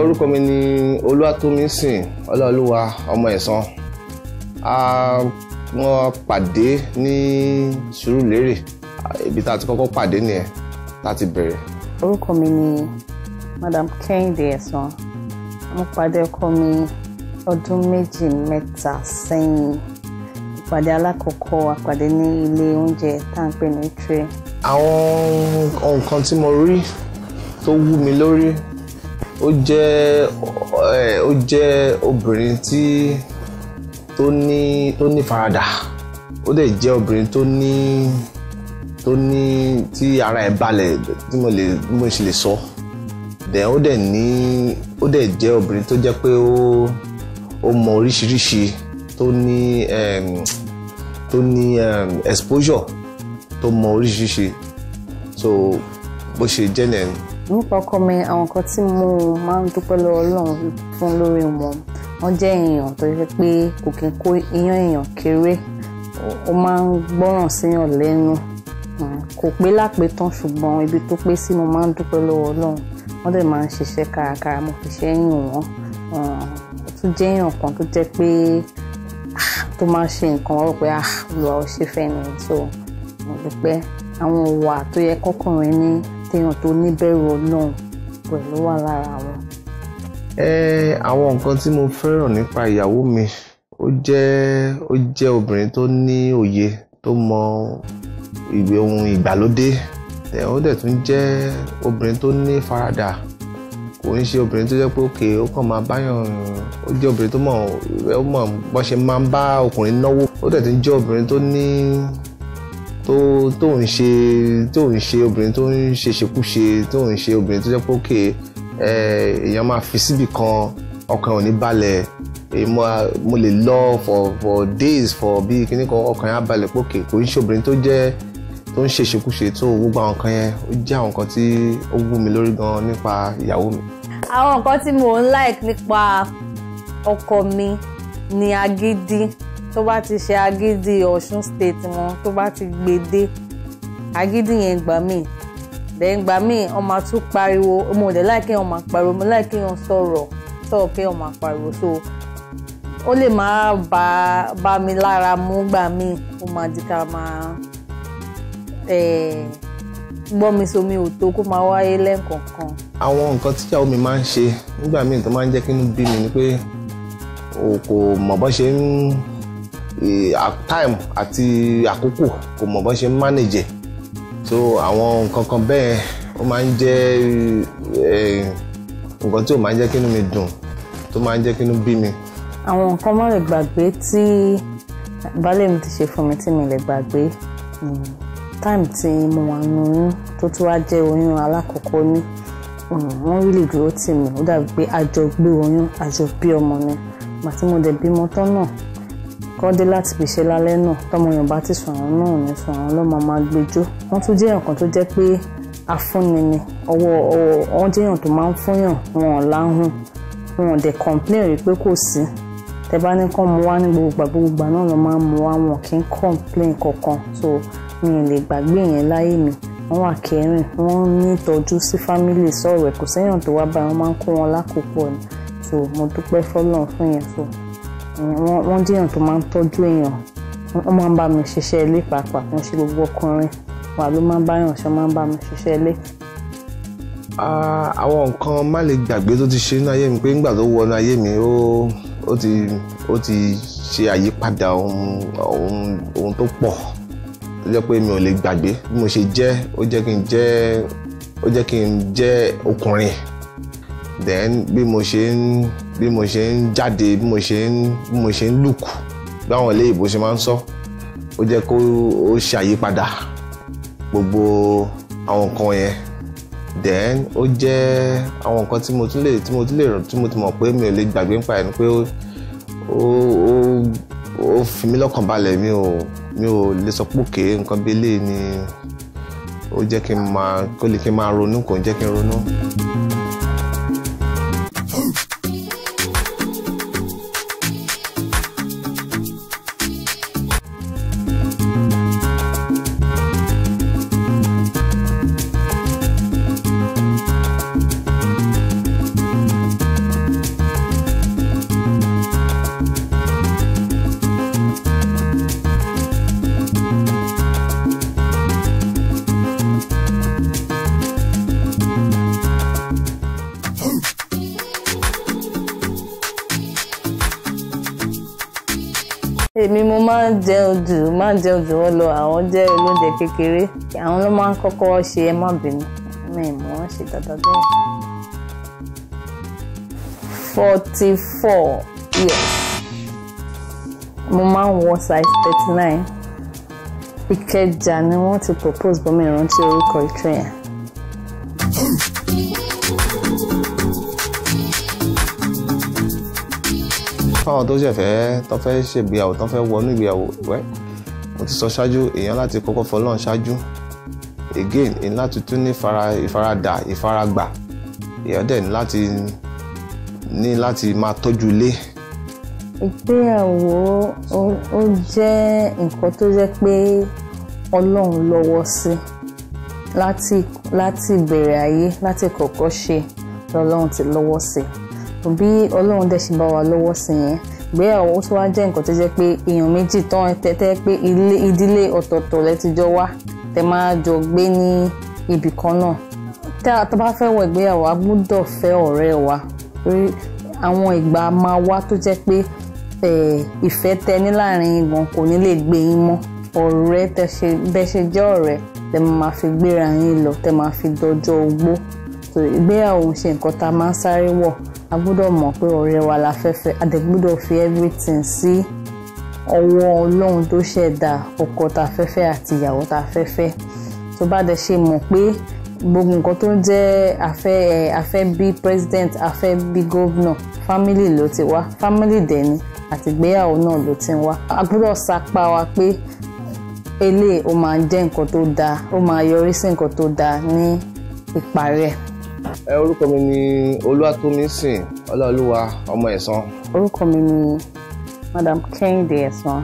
orúkọ mi ni olúwatómísìn ọláolúwa ọmọ ẹ̀sán a wọ́n pàdé ní sùúrùlérè ibi tá a ti kọ́kọ́ pàdé nìyẹn láti bẹ̀rẹ̀. orúkọ mi ni madam kẹ́hìndé ẹ̀sán mo pàdé ọkọ mi ọdún méjì mẹ́ta sẹ́yìn ìpàdé alákọ̀ọ́kọ́ àpàdé ní ilé oúnjẹ tá à ń pè ní tray. àwọn nǹkan tí mo rí tó wú mi lórí ó jẹ́ ẹ ó jẹ́ obìnrin tí tó ní tó ní faradà ó dẹ̀ jẹ́ obìnrin tó ní tó ní tí ara ẹ̀ balẹ̀ tí mo lè mo ṣe lè sọ dẹ̀ ó dẹ̀ ní ó dẹ̀ jẹ́ obìnrin tó jẹ́ pé ó ó mọ oríṣiríṣi tó ní tó ní exposure tó mọ oríṣiríṣi so bó ṣe jẹ́ nìyẹn nípa ọkọ mi àwọn nǹkan tí mo máa ń dúpẹ́ lọ́wọ́ Ọlọ́run fún lórí wọn wọ́n jẹ́ èèyàn tó yẹ pé kò kí n kó iyán èèyàn kéré ó máa ń gbọ́ràn síyàn lẹ́nu hmm, kò pé lápé tán ṣùgbọ́n ibi tó pé sí mo máa ń dúpẹ́ lọ́wọ́ Ọlọ́run wọ́n dẹ̀ máa ń ṣiṣẹ́ kárakára mo fi ṣe ń yìn wọ́n hmm, ó tún jẹ́ èèyàn kan tó jẹ́ pé ah, tó máa ṣe nǹkan wọ́n rò pé ah, Olúwa ó ṣe fẹ́ ni tó mo dúpẹ́ àwọn ìwà tó yẹ ní téèyàn tó níbẹ̀rù Ọlọ́run pẹ̀lú wà lára wọn. ẹ àwọn nǹkan tí mo fẹ́ràn nípa ìyàwó mi ó jẹ́ ó jẹ́ obìnrin tó ní òye tó mọ ìwé ohun ìgbàlódé ẹ ó dẹ̀ tún jẹ́ obìnrin tó ní faradà kò ń ṣe obìnrin tó jẹ́ pé òkè ó kàn máa báyàn ó jẹ́ obìnrin tó mọ̀ ó mọ̀ bó ṣe máa ń bá ọkùnrin náwó ó dẹ̀ tún jẹ́ obìnrin tó ní tó tó ń ṣe tó ń ṣe obìnrin tó ń ṣe ṣekúṣe tó ń ṣe obìnrin tó jẹ́ pé òkè èèyàn máa fi síbì kan ọkàn ò ní balẹ̀ mo lè lọ for for days for bí kíní kan ọkàn yẹn á balẹ̀ pé kò ń ṣe obìnrin tó jẹ́ tó ń ṣe ṣekúṣe tó gbogbo àwọn nǹkan yẹn ó jẹ́ àwọn nǹkan tí ó wú mi lórí gan nípa ìyàwó mi. àwọn nǹkan tí mò ń like nípa ọkọ mi ni agídí tó bá ti ṣe agídí Ọ̀ṣun state wọn tó bá ti gbé dé agídí yẹn gbà mí then gbà mí ó tún pariwo mo dẹ̀ láìké ó máa pariwo mo láìké ó sọ̀rọ̀ sọ̀rọ̀ pé ó pariwo so ó lè má bá bá mi lára mú gbà mí ó máa di ká máa gbọ́ mi somi ò tó kó máa wáyé lẹ́ẹ̀kọ̀ọ̀kan. àwọn nǹkan tíyàwó mi máa ń ṣe nígbà míì tó máa ń jẹ́ kí n bí mi ni pé o kò mọ̀ bó ṣe ń time àti àkókò kò mọ̀ bọ́n ṣe ń manage so àwọn nǹkan kan bẹ́ẹ̀ ó máa ń jẹ́ nǹkan tí ò máa ń jẹ́ kínú mi dùn tó máa ń jẹ́ kínú bí mi. àwọn nǹkan má lè gbàgbé tí baálé mi ti ṣe fún mi tí mi lè gbàgbé hmm, time tí mo wà nù oyún tó tún wá jẹ́ oyún alákọ̀ọ́kọ́ ní hmm, wọ́n rí lè dúró tì mí ó dàbí pé a gbé oyún a bí ọmọ ni màtí mo dẹ̀ bímọ tán náà kọ́ dé láti fi ṣe lálẹ́ náà tọmọ yàn bá ti sùn àwọn náà ní sùn àwọn ló máa máa gbẹjọ́ wọ́n tún jẹ́ nǹkan tó jẹ́ pé afúnni ni ọwọ́ ọwọ́ wọ́n jẹ́ èèyàn tó máa ń fúnyàn wọn ò láhùn wọn ò dẹ̀ complain rí pé kò sí tẹ bá ní kàn mú wá ní gbogbo gbogbo náà ló máa ń mú wá wọn kì í complain kankan so mi ò lè gbàgbé yẹn láyé mi wọ́n wà kẹrin wọ́n ní ìtọ́jú sí fámìlì sọ̀rọ̀ ẹ̀ kò sẹ́yàn tó wá báyìí wọ́n máa ń kó wọn lákòókò ni so mo dúpẹ́ fọ́lọ́run fún yẹn so wọ́n jẹ́ èèyàn tó máa ń tọ́jú èèyàn wọ́n máa ń bá mi ṣiṣẹ́ ilé pàápàá kí ṣe gbogbo ọkùnrin wà ló máa ń bá yàn ṣe máa ń bá mi ṣiṣẹ́ ilé. àwọn nǹkan má lè gbàgbé tó ti ṣe nínú ayé mi pé nígbà tó wọnú ayé mi ó ti ṣe àyípadà ohun tó pọ̀ tó jẹ́ pé mi ò lè gbàgbé bí mo ṣe jẹ́ ó jẹ́ kí n jẹ́ ó jẹ́ kí n jẹ́ ọkùnrin then bí mo ṣe ń bí mo ṣe ń jáde bí mo ṣe ń bí mo ṣe ń look báwọn ilé ṣe máa ń sọ ó jẹ́ kó ó ṣe àyípadà gbogbo àwọn nǹkan yẹn then ó jẹ́ àwọn nǹkan tí mo tún lè tí mo tún lè tí mo ti mọ̀ pé mi ò lè gbàgbé nípa ẹ̀ ni pé ó ó ó fi mí lọ́kàn balẹ̀ mi ò mi ò lè sọ pé nǹkan bíi eléyìí ni ó jẹ́ kí n máa kó lè kí n máa ronú kò ń jẹ́ kí n ronú. èmi mo máa ń jẹun jù máa ń jẹun jù wọ́n lọ àwọn jẹ́ olóúnjẹ kékeré àwọn ló máa ń kọ́kọ́ ṣe ẹ má bínú mi mọ̀ wọ́n ṣe dáadáa bẹ́ẹ̀. forty four years mo máa ń wọ size thirty nine Ìkẹjà ni wọ́n ti propose bọ́mọ ìrántí orúkọ ìtúyẹn. fáwọn tó ṣẹ̀ fẹ́ tó fẹ́ ṣègbéyàwó tó fẹ́ wọnú ìgbéyàwó wẹ́ mo ti sọ ṣáájú èèyàn láti kọ́kọ́ fọlọ́run ṣáájú again èèyàn láti tún ní ìfaradà ìfaragbà èèyàn dẹ̀ ní láti ní láti máa tọ́jú ilé. ìgbéyàwó ó jẹ́ nǹkan tó jẹ́ pé ọlọ́run lọ́wọ́ sí láti láti bẹ̀rẹ̀ ayé láti kọ́kọ́ ṣe lọ́lọ́run ti lọ́wọ́ sí i bí ọlọ́run dẹ̀ ṣe bá wa lọ́wọ́ sí yẹn ìgbéyàwó tó wá jẹ́ nǹkan tó jẹ́ pé èèyàn méjì tán tẹ́tẹ́ pé ìdílé ọ̀tọ̀ọ̀tọ̀ lẹ́tijọ́ wá tẹ́ máa jọ gbé ní ibì kan náà tá a bá fẹ́ wọ ìgbéyàwó a gbọ́dọ̀ fẹ́ ọ̀rẹ́ wa torí àwọn ìgbà máa wá tó jẹ́ pé ìfẹ́ tẹ ní láàrin ìgbọ̀n kò ní lè gbé yín mọ́ ọ̀rẹ́ bẹ́ ṣe jẹ́ ọ̀rẹ́ tẹ máa fi gbéra yín lọ tẹ máa fi dọjọ́ ogbó ìgbéyàwó ṣe nǹkan tá a máa ń sáré wọ̀ a gbọ́dọ̀ mọ̀ pé ọ̀rẹ́ wa la fẹ́ fẹ́ a dẹ̀ gbọ́dọ̀ fi everything sí ọwọ́ ọlọ́run tó ṣẹ̀dá ọkọ tá a fẹ́ fẹ́ àti ìyàwó tá a fẹ́ fẹ́ tó bá dẹ̀ ṣe mọ̀ pé gbogbo nǹkan tó ń jẹ́ afẹ́ afẹ́ bí president afẹ́ bí governor family ló ti wá family dẹ̀ ni àtìgbéyàwó náà ló ti wá a gbọ́dọ̀ sapá wa pé eléyìí ó máa jẹ́ nǹkan tó dáa ó máa yọrí sí nǹkan tó dáa ní ìparí ẹ orúkọ mi ni olúwatómísìn ọláolúwa ọmọ ẹ̀sán. orúkọ mi ni madam kẹ́hìndé ẹ̀sán.